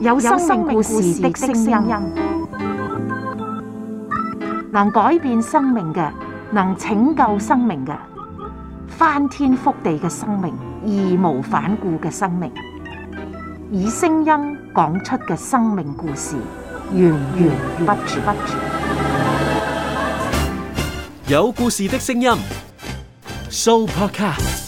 有生命故事的聲音，能改變生命嘅，能拯救生命嘅，翻天覆地嘅生命，義無反顧嘅生命，以聲音講出嘅生命故事，源源不絕。有故事的聲音，Soupercast。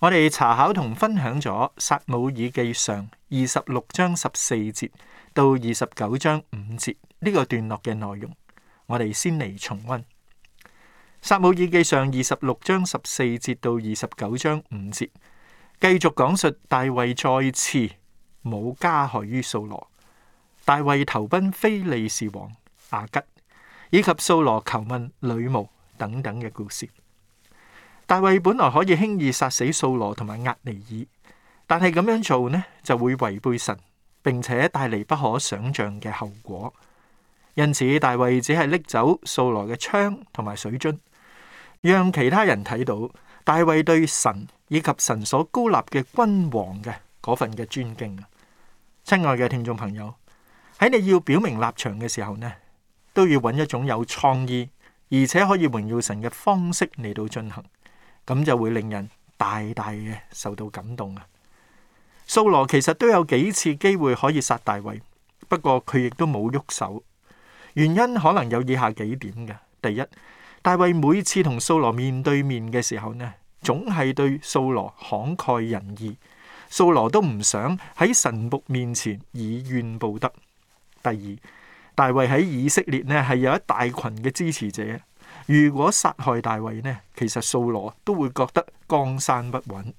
我哋查考同分享咗《撒母耳記上》二十六章十四節到二十九章五節呢、這個段落嘅內容，我哋先嚟重溫《撒母耳記上》二十六章十四節到二十九章五節，繼續講述大衛再次冇加害於掃羅，大衛投奔非利士王亞吉，以及掃羅求問女巫等等嘅故事。大衛本來可以輕易殺死掃羅同埋押尼爾，但係咁樣做呢，就會違背神，並且帶嚟不可想象嘅後果。因此，大衛只係拎走掃羅嘅槍同埋水樽，讓其他人睇到大衛對神以及神所膏立嘅君王嘅嗰份嘅尊敬啊。親愛嘅聽眾朋友，喺你要表明立場嘅時候呢，都要揾一種有創意而且可以榮耀神嘅方式嚟到進行。咁就會令人大大嘅受到感動啊！掃羅其實都有幾次機會可以殺大衛，不過佢亦都冇喐手。原因可能有以下幾點嘅：第一，大衛每次同掃羅面對面嘅時候呢，總係對掃羅慷慨仁義，掃羅都唔想喺神僕面前以怨報德。第二，大衛喺以色列呢係有一大群嘅支持者。如果殺害大衛呢，其實掃羅都會覺得江山不穩。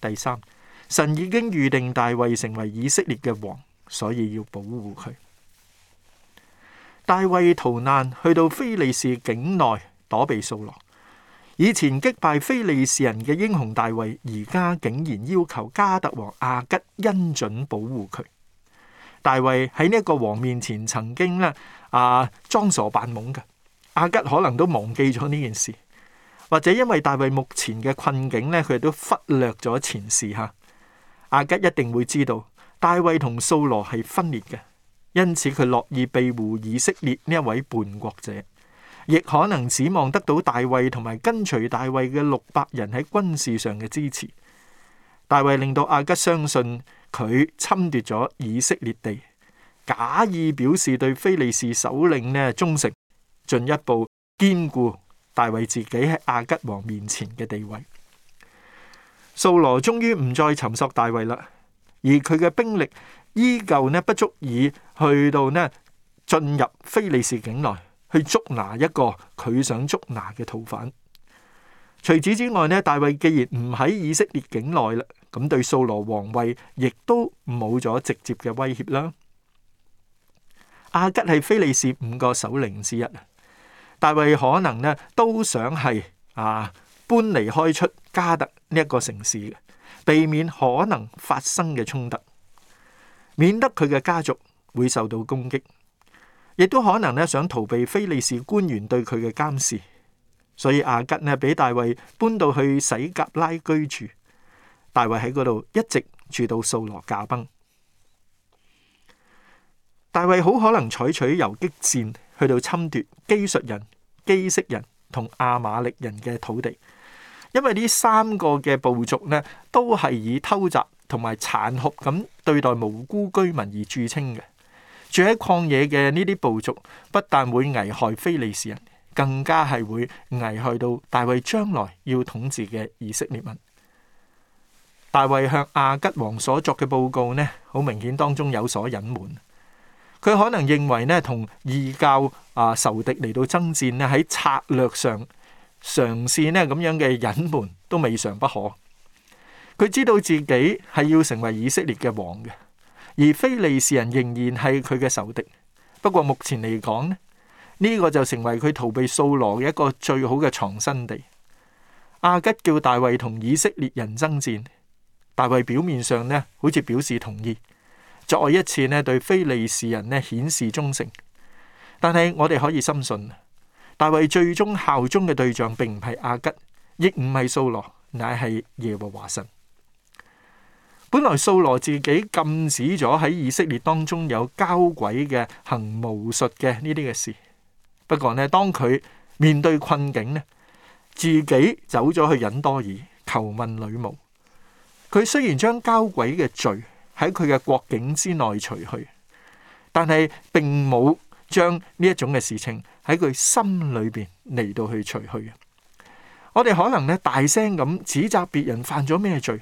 第三，神已經預定大衛成為以色列嘅王，所以要保護佢。大衛逃難去到非利士境內躲避掃羅。以前擊敗非利士人嘅英雄大衛，而家竟然要求加特王阿吉恩准保護佢。大衛喺呢個王面前曾經咧啊裝傻扮懵嘅。阿吉可能都忘記咗呢件事，或者因為大衛目前嘅困境呢，佢都忽略咗前事吓。阿吉一定會知道大衛同掃羅係分裂嘅，因此佢樂意庇護以色列呢一位叛國者，亦可能指望得到大衛同埋跟隨大衛嘅六百人喺軍事上嘅支持。大衛令到阿吉相信佢侵奪咗以色列地，假意表示對菲利士首領呢忠誠。進一步堅固大衛自己喺亞吉王面前嘅地位，掃羅終於唔再尋索大衛啦，而佢嘅兵力依舊呢不足以去到呢進入非利士境內去捉拿一個佢想捉拿嘅逃犯。除此之外呢，大衛既然唔喺以色列境內啦，咁對掃羅王位亦都冇咗直接嘅威脅啦。亞吉係非利士五個首領之一。大衛可能咧都想係啊搬離開出加特呢一個城市，避免可能發生嘅衝突，免得佢嘅家族會受到攻擊，亦都可能咧想逃避非利士官員對佢嘅監視，所以亞吉呢俾大衛搬到去洗革拉居住，大衛喺嗰度一直住到掃羅駕崩，大衛好可能採取游擊戰。去到侵奪基述人、基色人同亞瑪力人嘅土地，因為呢三個嘅部族呢都係以偷襲同埋殘酷咁對待無辜居民而著稱嘅。住喺曠野嘅呢啲部族，不但會危害非利士人，更加係會危害到大衛將來要統治嘅以色列民。大衛向亞吉王所作嘅報告呢，好明顯當中有所隱瞞。佢可能認為咧，同異教啊仇敵嚟到爭戰咧，喺策略上嘗試咧，咁樣嘅隱瞞都未嘗不可。佢知道自己係要成為以色列嘅王嘅，而非利士人仍然係佢嘅仇敵。不過目前嚟講咧，呢個就成為佢逃避掃羅嘅一個最好嘅藏身地。阿吉叫大衛同以色列人爭戰，大衛表面上咧好似表示同意。再一次呢對非利士人呢顯示忠誠，但係我哋可以深信，大衛最終效忠嘅對象並唔係阿吉，亦唔係掃羅，乃係耶和華神。本來掃羅自己禁止咗喺以色列當中有交鬼嘅行巫術嘅呢啲嘅事，不過呢當佢面對困境呢，自己走咗去隱多爾求問女巫，佢雖然將交鬼嘅罪喺佢嘅國境之內除去，但係並冇將呢一種嘅事情喺佢心裏面嚟到去除去嘅。我哋可能咧大聲咁指責別人犯咗咩罪，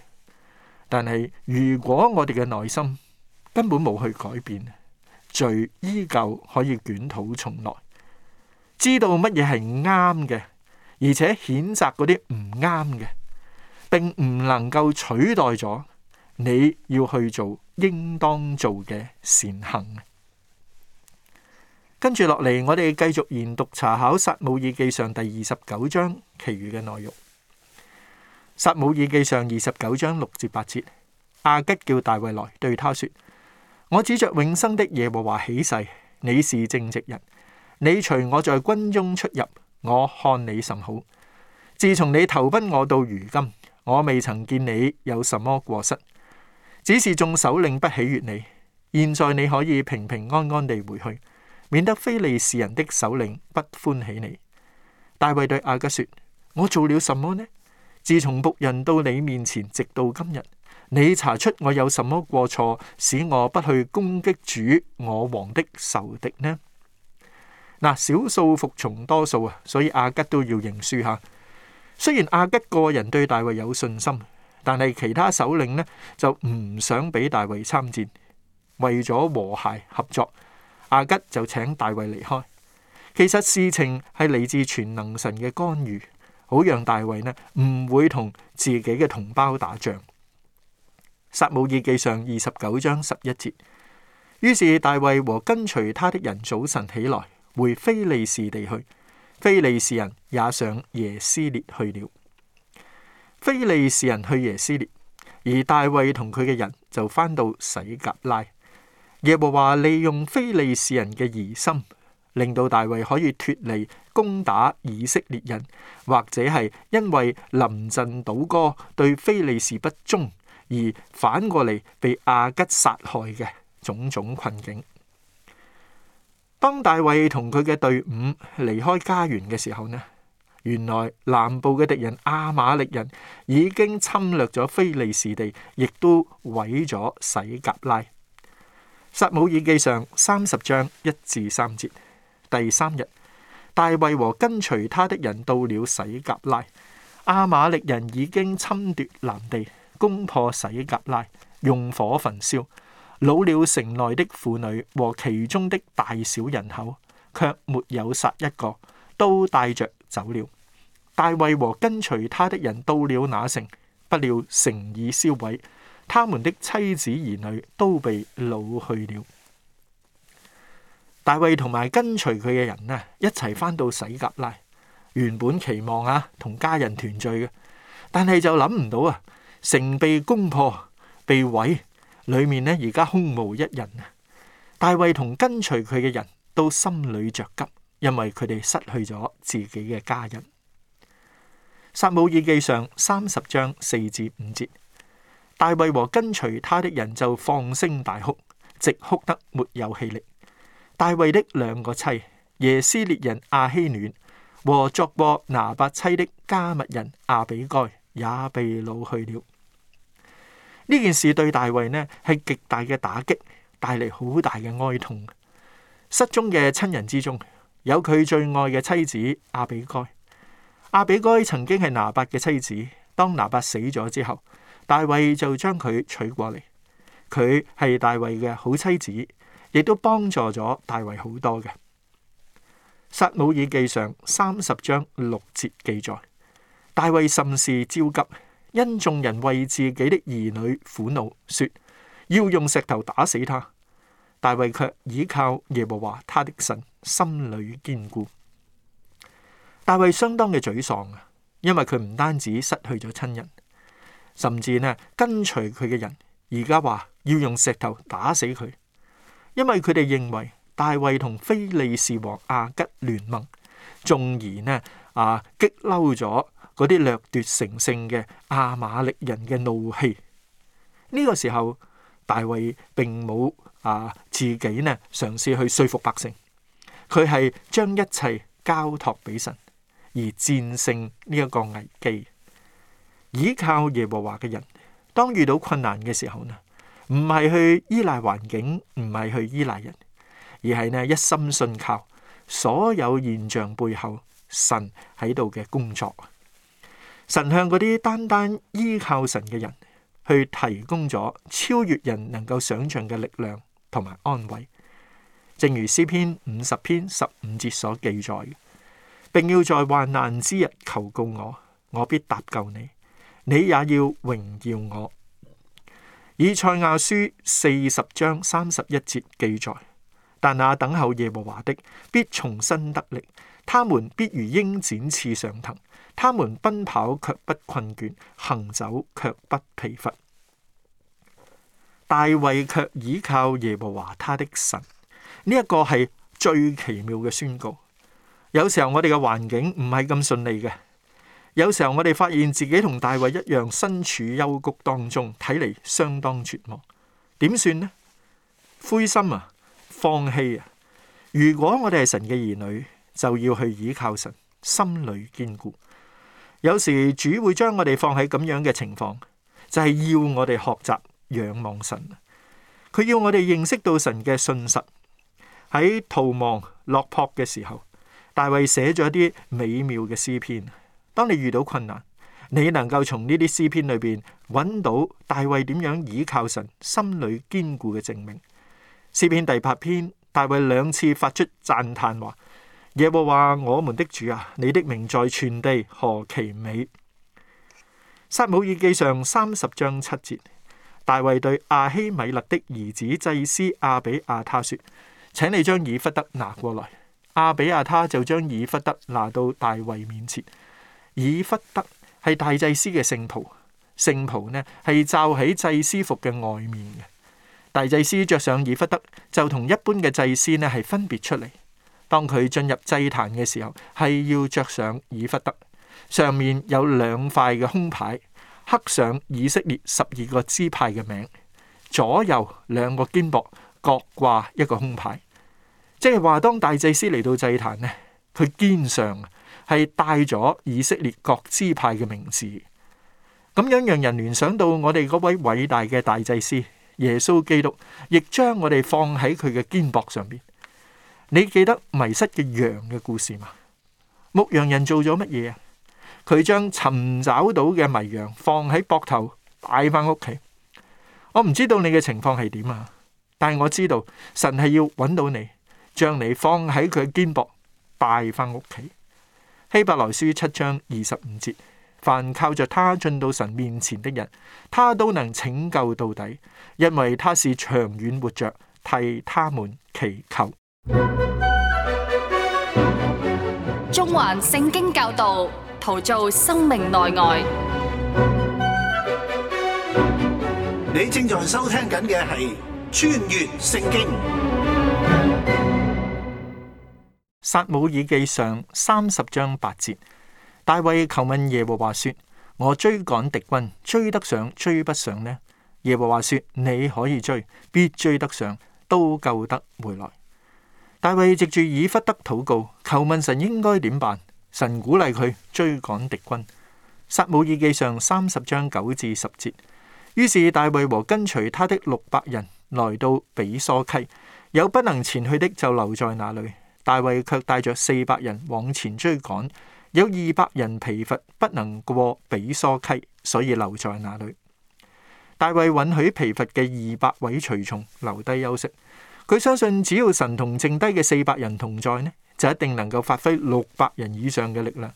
但係如果我哋嘅內心根本冇去改變，罪依舊可以捲土重來。知道乜嘢係啱嘅，而且譴責嗰啲唔啱嘅，並唔能夠取代咗。你要去做應當做嘅善行。跟住落嚟，我哋繼續研讀查考撒母耳記上第二十九章其餘嘅內容。撒母耳記上二十九章六至八節，亞吉叫大衛來，對他說：我指着永生的耶和華起誓，你是正直人，你隨我在軍中出入，我看你甚好。自從你投奔我到如今，我未曾見你有什麼過失。只是眾首領不喜悅你，現在你可以平平安安地回去，免得非利士人的首領不歡喜你。大衛對亞吉說：我做了什麼呢？自從僕人到你面前，直到今日，你查出我有什麼過錯，使我不去攻擊主我王的仇敵呢？嗱，少數服從多數啊，所以亞吉都要認輸吓。雖然亞吉個人對大衛有信心。但係其他首領呢，就唔想俾大衛參戰，為咗和諧合作，亞吉就請大衛離開。其實事情係嚟自全能神嘅干預，好讓大衛呢唔會同自己嘅同胞打仗。撒母耳記上二十九章十一節。於是大衛和跟隨他的人早晨起來，回非利士地去，非利士人也上耶斯列去了。非利士人去耶斯列，而大衛同佢嘅人就翻到洗革拉。耶和華利用非利士人嘅疑心，令到大衛可以脫離攻打以色列人，或者係因為臨陣倒戈對非利士不忠而反過嚟，被亞吉殺害嘅種種困境。當大衛同佢嘅隊伍離開家園嘅時候呢？原來南部嘅敵人亞瑪力人已經侵略咗非利士地，亦都毀咗洗甲拉。撒母耳記上三十章一至三節，第三日，大衛和跟隨他的人到了洗甲拉，亞瑪力人已經侵奪南地，攻破洗甲拉，用火焚燒，擄了城內的婦女和其中的大小人口，卻沒有殺一個，都帶着走了。大衛和跟隨他的人到了那城，不料城已燒毀，他們的妻子兒女都被擄去了。大衛同埋跟隨佢嘅人呢，一齊翻到洗革拉，原本期望啊同家人團聚嘅，但係就諗唔到啊，城被攻破，被毀，裏面呢而家空無一人啊。大衛同跟隨佢嘅人都心裏着急，因為佢哋失去咗自己嘅家人。撒母耳記上三十章四至五節，大衛和跟隨他的人就放聲大哭，直哭得沒有氣力。大衛的兩個妻耶斯列人亞希暖和作過拿八妻的迦密人亞比該也被老去了。呢件事對大衛呢係極大嘅打擊，帶嚟好大嘅哀痛。失蹤嘅親人之中，有佢最愛嘅妻子亞比該。阿比該曾經係拿伯嘅妻子，當拿伯死咗之後，大衛就將佢娶過嚟。佢係大衛嘅好妻子，亦都幫助咗大衛好多嘅。撒母耳記上三十章六節記載，大衛甚是焦急，因眾人為自己的兒女苦惱，說要用石頭打死他。大衛卻倚靠耶和華他的神，心裏堅固。大衛相當嘅沮喪啊，因為佢唔單止失去咗親人，甚至呢跟隨佢嘅人而家話要用石頭打死佢，因為佢哋認為大衛同非利士王亞吉聯盟，縱然呢啊激嬲咗嗰啲掠奪成性嘅亞瑪力人嘅怒氣。呢個時候，大衛並冇啊自己呢嘗試去說服百姓，佢係將一切交託俾神。而戰勝呢一個危機，依靠耶和華嘅人，當遇到困難嘅時候呢，唔係去依賴環境，唔係去依賴人，而係呢一心信靠所有現象背後神喺度嘅工作。神向嗰啲單單依靠神嘅人，去提供咗超越人能夠想象嘅力量同埋安慰，正如詩篇五十篇十五節所記載嘅。並要在患難之日求告我，我必搭救你。你也要榮耀我。以賽亞書四十章三十一節記載：但那等候耶和華的必重新得力，他們必如鷹展翅上騰，他們奔跑卻不困倦，行走卻不疲乏。大衛卻倚靠耶和華他的神，呢、這、一個係最奇妙嘅宣告。有時候我哋嘅環境唔係咁順利嘅，有時候我哋發現自己同大衛一樣身處幽谷當中，睇嚟相當絕望，點算呢？灰心啊，放棄啊！如果我哋係神嘅兒女，就要去倚靠神，心裏堅固。有時主會將我哋放喺咁樣嘅情況，就係要我哋學習仰望神。佢要我哋認識到神嘅信實，喺逃亡落魄嘅時候。大衛寫咗一啲美妙嘅詩篇。當你遇到困難，你能夠從呢啲詩篇裏邊揾到大衛點樣倚靠神、心裏堅固嘅證明。詩篇第八篇，大衛兩次發出讚嘆話：耶和華我們的主啊，你的名在全地何其美！撒母耳記上三十章七節，大衛對亞希米勒的兒子祭司亞比亞他說：請你將以弗得拿過來。阿比亞他就將以弗德拿到大衛面前，以弗德係大祭司嘅聖袍，聖袍呢係罩喺祭司服嘅外面嘅。大祭司着上以弗德，就同一般嘅祭司呢係分別出嚟。當佢進入祭壇嘅時候，係要着上以弗德。上面有兩塊嘅胸牌，刻上以色列十二個支派嘅名，左右兩個肩膊各掛一個胸牌。即係話，當大祭司嚟到祭壇呢，佢肩上係帶咗以色列各支派嘅名字，咁樣讓人聯想到我哋嗰位偉大嘅大祭司耶穌基督，亦將我哋放喺佢嘅肩膊上邊。你記得迷失嘅羊嘅故事嗎？牧羊人做咗乜嘢啊？佢將尋找到嘅迷羊放喺膊頭帶翻屋企。我唔知道你嘅情況係點啊，但係我知道神係要揾到你。將你放喺佢肩膊，拜翻屋企。希伯來書七章二十五節：凡靠着他進到神面前的人，他都能拯救到底，因為他是長遠活着，替他們祈求。中環聖經教導，陶造生命內外。你正在收聽緊嘅係穿越聖經。撒母耳記上三十章八節，大衛求問耶和華說：我追趕敵軍，追得上，追不上呢？耶和華說：你可以追，必追得上，都救得回來。大衛藉住以弗得禱告，求問神應該點辦？神鼓勵佢追趕敵軍。撒母耳記上三十章九至十節，於是大衛和跟隨他的六百人來到比索溪，有不能前去的就留在那裏。大衛卻帶着四百人往前追趕，有二百人疲乏不能過比梭溪，所以留在那裏。大衛允許疲乏嘅二百位隨從留低休息，佢相信只要神同剩低嘅四百人同在呢，就一定能夠發揮六百人以上嘅力量。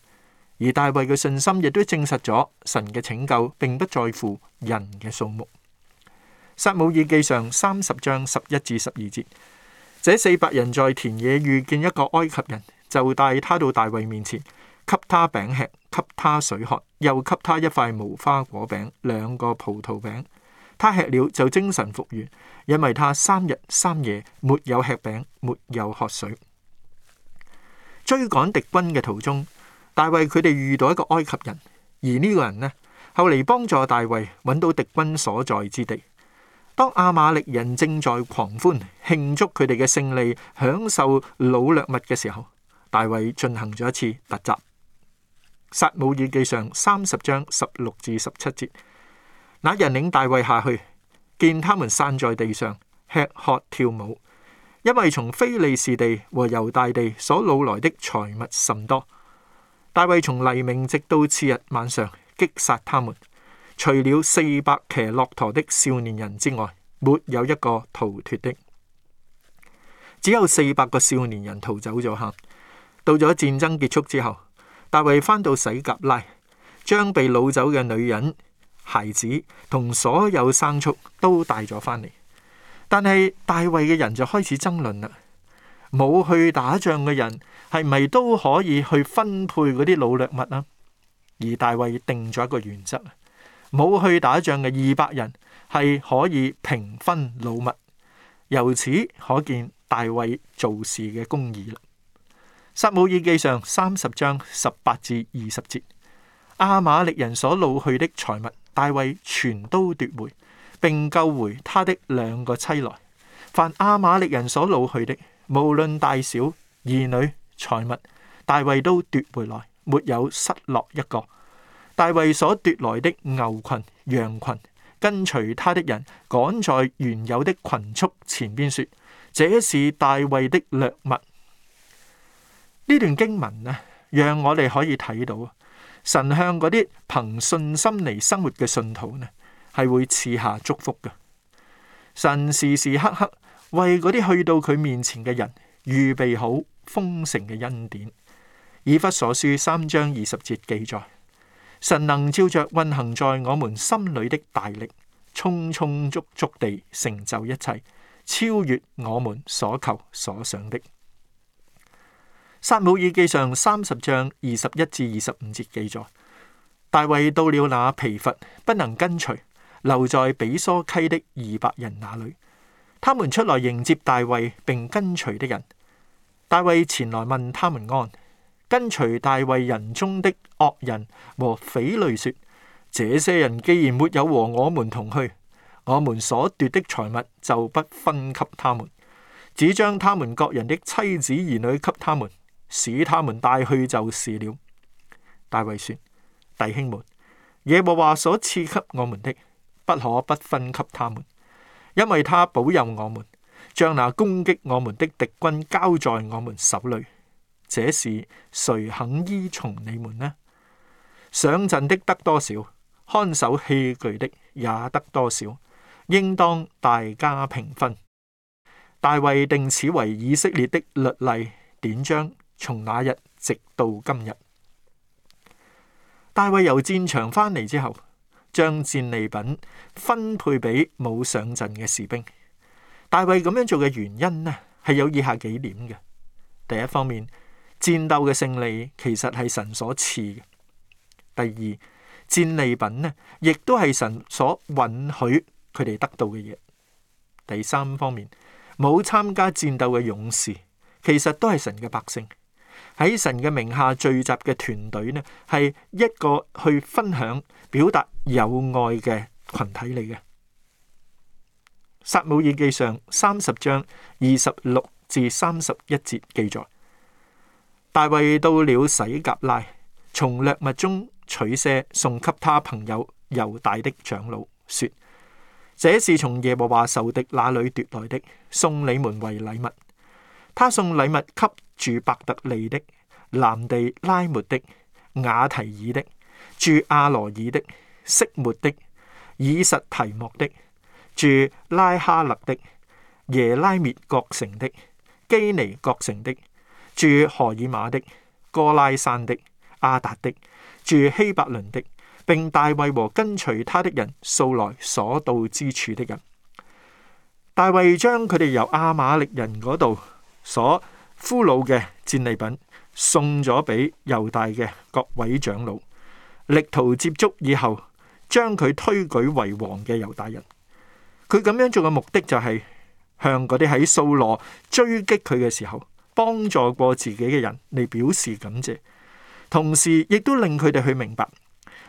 而大衛嘅信心亦都證實咗神嘅拯救並不在乎人嘅數目。撒母耳記上三十章十一至十二節。這四百人在田野遇見一個埃及人，就帶他到大衛面前，給他餅吃，給他水喝，又給他一塊無花果餅、兩個葡萄餅。他吃了就精神復原，因為他三日三夜沒有吃餅，沒有喝水。追趕敵軍嘅途中，大衛佢哋遇到一個埃及人，而呢個人呢，後嚟幫助大衛揾到敵軍所在之地。當亞瑪力人正在狂歡慶祝佢哋嘅勝利，享受擄掠物嘅時候，大衛進行咗一次突襲。撒母耳記上三十章十六至十七節：那人領大衛下去，見他們散在地上吃喝跳舞，因為從非利士地和猶大地所擄來的財物甚多。大衛從黎明直到次日晚上，擊殺他們。除了四百騎駱駝的少年人之外，沒有一個逃脫的。只有四百個少年人逃走咗。吓，到咗戰爭結束之後，大衛翻到洗甲拉，將被擄走嘅女人、孩子同所有牲畜都帶咗翻嚟。但係大衛嘅人就開始爭論啦：冇去打仗嘅人係咪都可以去分配嗰啲擄掠物啊？而大衛定咗一個原則。冇去打仗嘅二百人係可以平分擄物，由此可見大衛做事嘅公義啦。撒母耳記上三十章十八至二十節，亞瑪力人所擄去的財物，大衛全都奪回，並救回他的兩個妻來。凡亞瑪力人所擄去的，無論大小兒女財物，大衛都奪回來，沒有失落一個。大衛所奪來的牛群、羊群，跟隨他的人趕在原有的群畜前邊，說：這是大衛的掠物。呢段經文呢，讓我哋可以睇到神向嗰啲憑信心嚟生活嘅信徒呢，係會賜下祝福嘅。神時時刻刻為嗰啲去到佢面前嘅人預備好豐盛嘅恩典。以弗所書三章二十節記載。神能照着運行在我們心裏的大力，充充足足地成就一切，超越我們所求所想的。撒母耳記上三十章二十一至二十五節記載，大衛到了那疲乏不能跟隨，留在比梭溪的二百人那裏，他們出來迎接大衛並跟隨的人，大衛前來問他們安。跟隨大衛人中的惡人和匪類說：這些人既然沒有和我們同去，我們所奪的財物就不分給他們，只將他們各人的妻子兒女給他們，使他們帶去就是了。大衛說：弟兄們，耶和華所賜給我們的，不可不分給他們，因為他保佑我們，將那攻擊我們的敵軍交在我們手裏。這事誰肯依從你們呢？上陣的得多少，看守器具的也得多少，應當大家平分。大衛定此為以色列的律例典章，從那日直到今日。大衛由戰場翻嚟之後，將戰利品分配俾冇上陣嘅士兵。大衛咁樣做嘅原因呢，係有以下幾點嘅：第一方面。戰鬥嘅勝利其實係神所賜嘅。第二，戰利品呢，亦都係神所允許佢哋得到嘅嘢。第三方面，冇參加戰鬥嘅勇士，其實都係神嘅百姓。喺神嘅名下聚集嘅團隊呢，係一個去分享、表達友愛嘅群體嚟嘅。撒母耳記上三十章二十六至三十一節記載。大衛到了洗革拉，從掠物中取些，送給他朋友猶大的長老，說：這是從耶和華仇敵那裏奪來的，送你們為禮物。他送禮物給住伯特利的、南地拉末的、雅提爾的、住亞羅爾的、色末的、以實提莫的、住拉哈勒的、耶拉滅各城的、基尼各城的。住何爾馬的、哥拉山的、阿達的、住希伯倫的，並大衛和跟隨他的人，素來所到之處的人，大衛將佢哋由亞瑪力人嗰度所俘虜嘅戰利品送咗俾猶大嘅各位長老，力圖接觸以後將佢推舉為王嘅猶大人。佢咁樣做嘅目的就係向嗰啲喺掃羅追擊佢嘅時候，幫助過自己嘅人嚟表示感謝，同時亦都令佢哋去明白，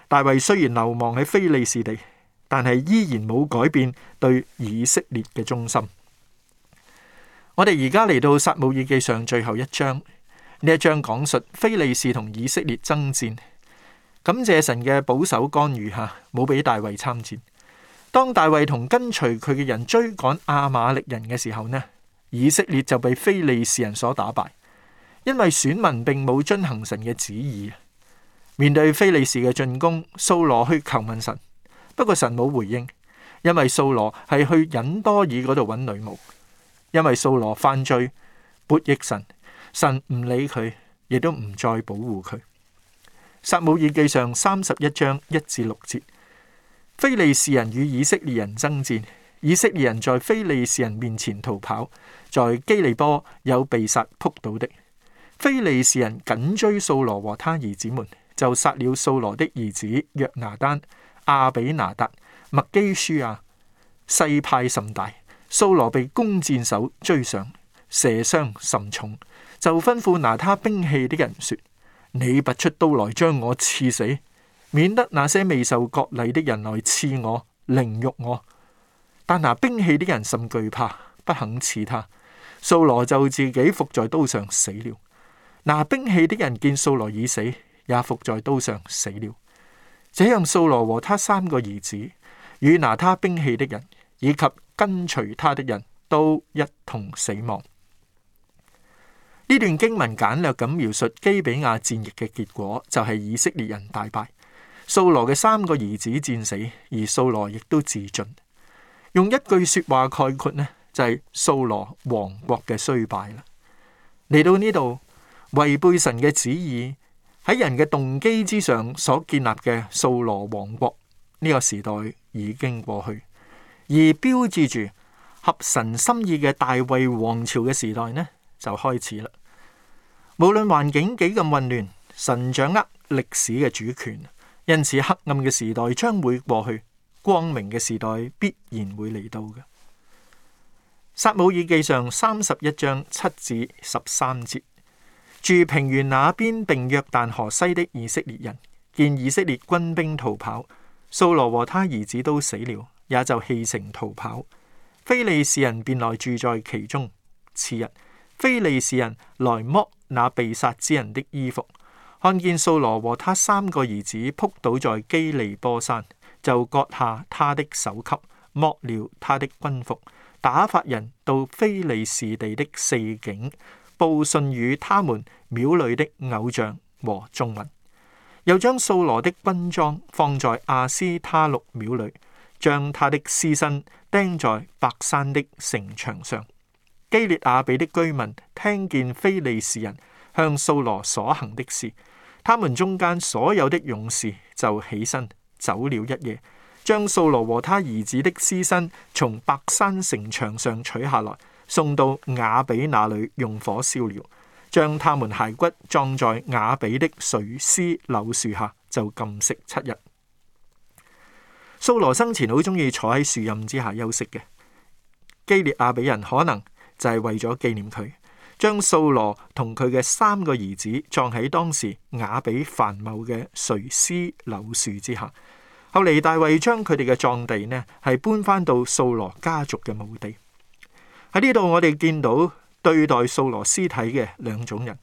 大衛雖然流亡喺非利士地，但係依然冇改變對以色列嘅忠心。我哋而家嚟到撒母耳記上最後一章，呢一章講述非利士同以色列爭戰，感謝神嘅保守干預下，冇俾大衛參戰。當大衛同跟隨佢嘅人追趕亞瑪力人嘅時候呢，以色列就被非利士人所打敗，因為選民並冇遵行神嘅旨意。面對非利士嘅進攻，掃羅去求問神，不過神冇回應，因為掃羅係去隱多爾嗰度揾女巫。因為掃羅犯罪，悖逆神，神唔理佢，亦都唔再保護佢。撒母耳記上三十一章一至六節，非利士人與以色列人爭戰。以色列人在非利士人面前逃跑，在基利波有被殺撲倒的。非利士人緊追掃羅和他兒子們，就殺了掃羅的兒子約拿單、亞比拿達、麥基舒亞，勢派甚大。掃羅被弓箭手追上，射傷甚重，就吩咐拿他兵器的人說：你拔出刀來將我刺死，免得那些未受割禮的人來刺我、凌辱我。但拿兵器的人甚懼怕，不肯刺他。掃羅就自己伏在刀上死了。拿兵器的人見掃羅已死，也伏在刀上死了。這樣，掃羅和他三個兒子與拿他兵器的人以及跟隨他的人都一同死亡。呢段經文簡略咁描述基比亞戰役嘅結果，就係、是、以色列人大敗，掃羅嘅三個兒子戰死，而掃羅亦都自盡。用一句說話概括呢，就係掃羅王國嘅衰敗啦。嚟到呢度違背神嘅旨意，喺人嘅動機之上所建立嘅掃羅王國呢個時代已經過去，而標誌住合神心意嘅大衛王朝嘅時代呢就開始啦。無論環境幾咁混亂，神掌握歷史嘅主權，因此黑暗嘅時代將會過去。光明嘅時代必然會嚟到嘅。撒母耳記上三十一章七至十三節，住平原那邊並約旦河西的以色列人見以色列軍兵逃跑，掃羅和他兒子都死了，也就棄城逃跑。非利士人便來住在其中。次日，非利士人來剝那被殺之人的衣服，看見掃羅和他三個兒子撲倒在基利波山。就割下他的首級，剝了他的軍服，打發人到非利士地的四境，報信與他們廟裏的偶像和眾民。又將掃羅的軍裝放在亞斯他錄廟裏，將他的屍身釘在白山的城牆上。基列亞比的居民聽見非利士人向掃羅所行的事，他們中間所有的勇士就起身，走了一夜，將掃羅和他兒子的屍身從白山城牆上取下來，送到雅比那裏用火燒了，將他們骸骨葬在雅比的垂絲柳樹下，就禁食七日。掃羅生前好鍾意坐喺樹蔭之下休息嘅，基列亞比人可能就係為咗紀念佢。將掃羅同佢嘅三個兒子葬喺當時雅比繁茂嘅垂絲柳樹之下。後嚟大衛將佢哋嘅葬地呢係搬翻到掃羅家族嘅墓地。喺呢度我哋見到對待掃羅屍體嘅兩種人：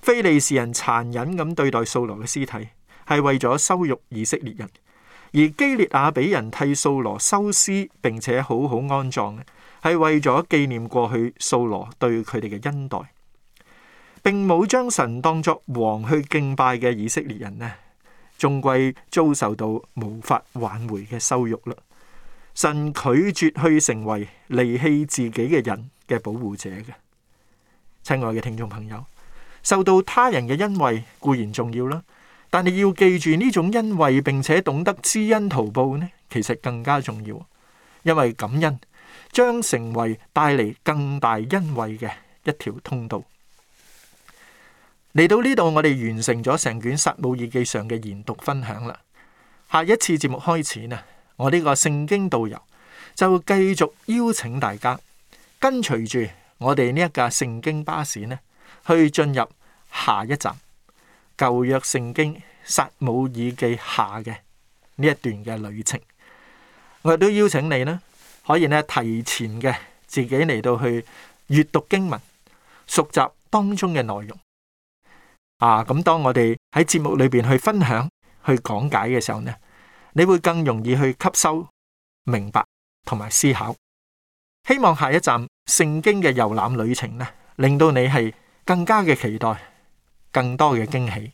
非利士人殘忍咁對待掃羅嘅屍體，係為咗羞辱以色列人；而基列亞比人替掃羅收屍並且好好安葬。係為咗紀念過去掃羅對佢哋嘅恩待，並冇將神當作王去敬拜嘅以色列人呢，終歸遭受到無法挽回嘅羞辱啦。神拒絕去成為離棄自己嘅人嘅保護者嘅。親愛嘅聽眾朋友，受到他人嘅恩惠固然重要啦，但係要記住呢種恩惠，並且懂得知恩圖報呢，其實更加重要，因為感恩。將成為帶嚟更大恩惠嘅一條通道。嚟到呢度，我哋完成咗成卷撒母耳記上嘅研讀分享啦。下一次節目開始呢，我呢個聖經導遊就繼續邀請大家跟隨住我哋呢一架聖經巴士呢，去進入下一站舊約聖經撒母耳記下嘅呢一段嘅旅程。我亦都邀請你呢。可以咧提前嘅自己嚟到去閱讀經文，熟習當中嘅內容啊。咁當我哋喺節目裏邊去分享去講解嘅時候呢，你會更容易去吸收明白同埋思考。希望下一站聖經嘅遊覽旅程呢，令到你係更加嘅期待，更多嘅驚喜，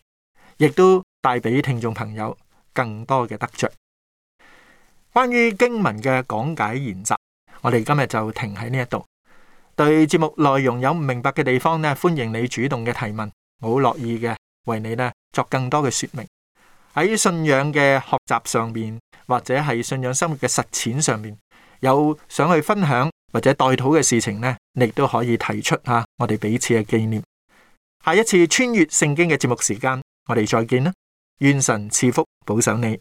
亦都帶俾聽眾朋友更多嘅得着。關於經文嘅講解研習，我哋今日就停喺呢一度。對節目內容有唔明白嘅地方咧，歡迎你主動嘅提問，我好樂意嘅為你咧作更多嘅說明。喺信仰嘅學習上面，或者係信仰生活嘅實踐上面，有想去分享或者代禱嘅事情咧，你都可以提出下我哋彼此嘅紀念。下一次穿越聖經嘅節目時間，我哋再見啦！願神賜福保守你。